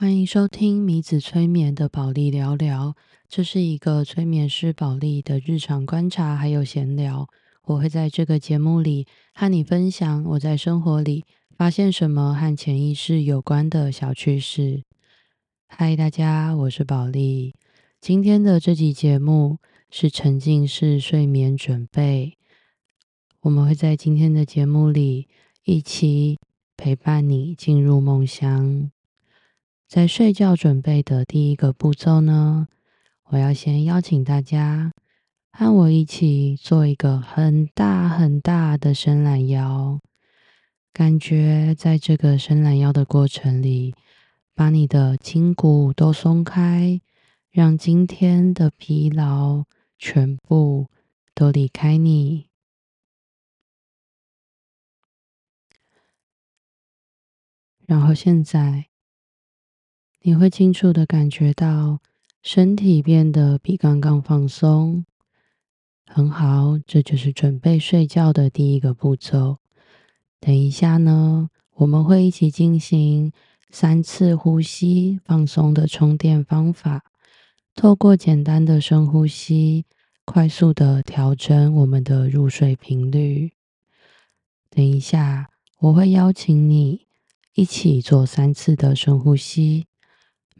歡迎收聽米子催眠的寶莉聊聊，這是一個催眠師寶莉的日常觀察還有閒聊。我會在這個節目裡和你分享我在生活裡發現什麼和潛意識有關的小趣事。嗨，大家，我是寶莉。今天的這集節目是沉浸式睡眠準備，我們會在今天的節目裡一起陪伴你進入夢鄉。在睡覺準備的第一個步驟呢，我要先邀請大家和我一起做一個很大很大的伸懶腰，感覺在這個伸懶腰的過程裡，把你的筋骨都鬆開，讓今天的疲勞全部都離開你。然後現在。你會清楚的感覺到身體變得比剛剛放鬆，很好，這就是準備睡覺的第一個步驟。等一下呢，我們會一起進行三次呼吸放鬆的充電方法，透過簡單的深呼吸，快速的調整我們的入睡頻率。等一下，我會邀請你一起做三次的深呼吸。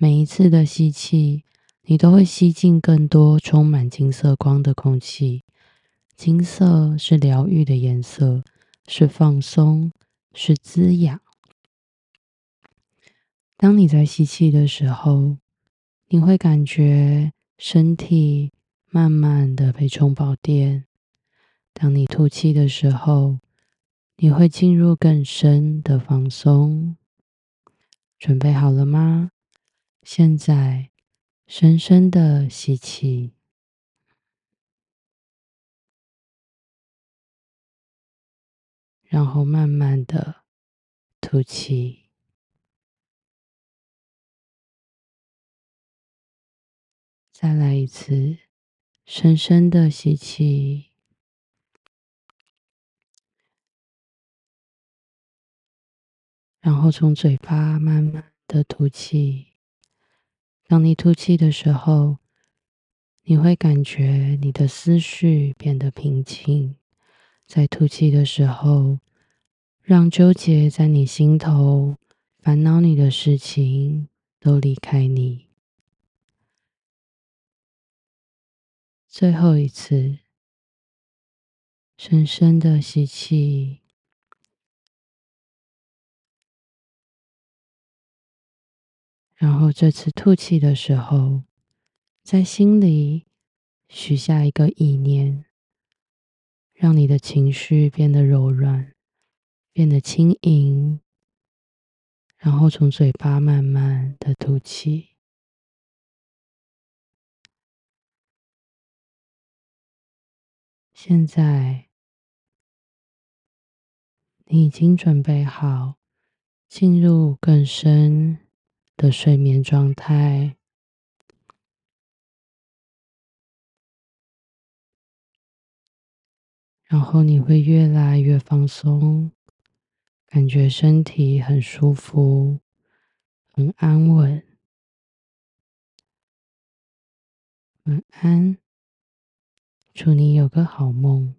每一次的吸氣，你都會吸進更多充滿金色光的空氣。金色是療癒的顏色，是放鬆，是滋養。當你在吸氣的時候，你會感覺身體慢慢的被充飽電。當你吐氣的時候，你會進入更深的放鬆。準備好了嗎？現在，深深的吸氣，然後慢慢的吐氣。再來一次，深深的吸氣，然後從嘴巴慢慢的吐氣。當你吐氣的時候，你會感覺你的思緒變得平靜。在吐氣的時候，讓糾結在你心頭、煩惱你的事情都離開你。最後一次，深深的吸氣。然後這次吐氣的時候，在心裡許下一個意念，讓你的情緒變得柔軟，變得輕盈，然後從嘴巴慢慢的吐氣。現在，你已經準備好進入更深。的睡眠狀態，然後你會越來越放鬆，感覺身體很舒服、很安穩。晚安，祝你有個好夢。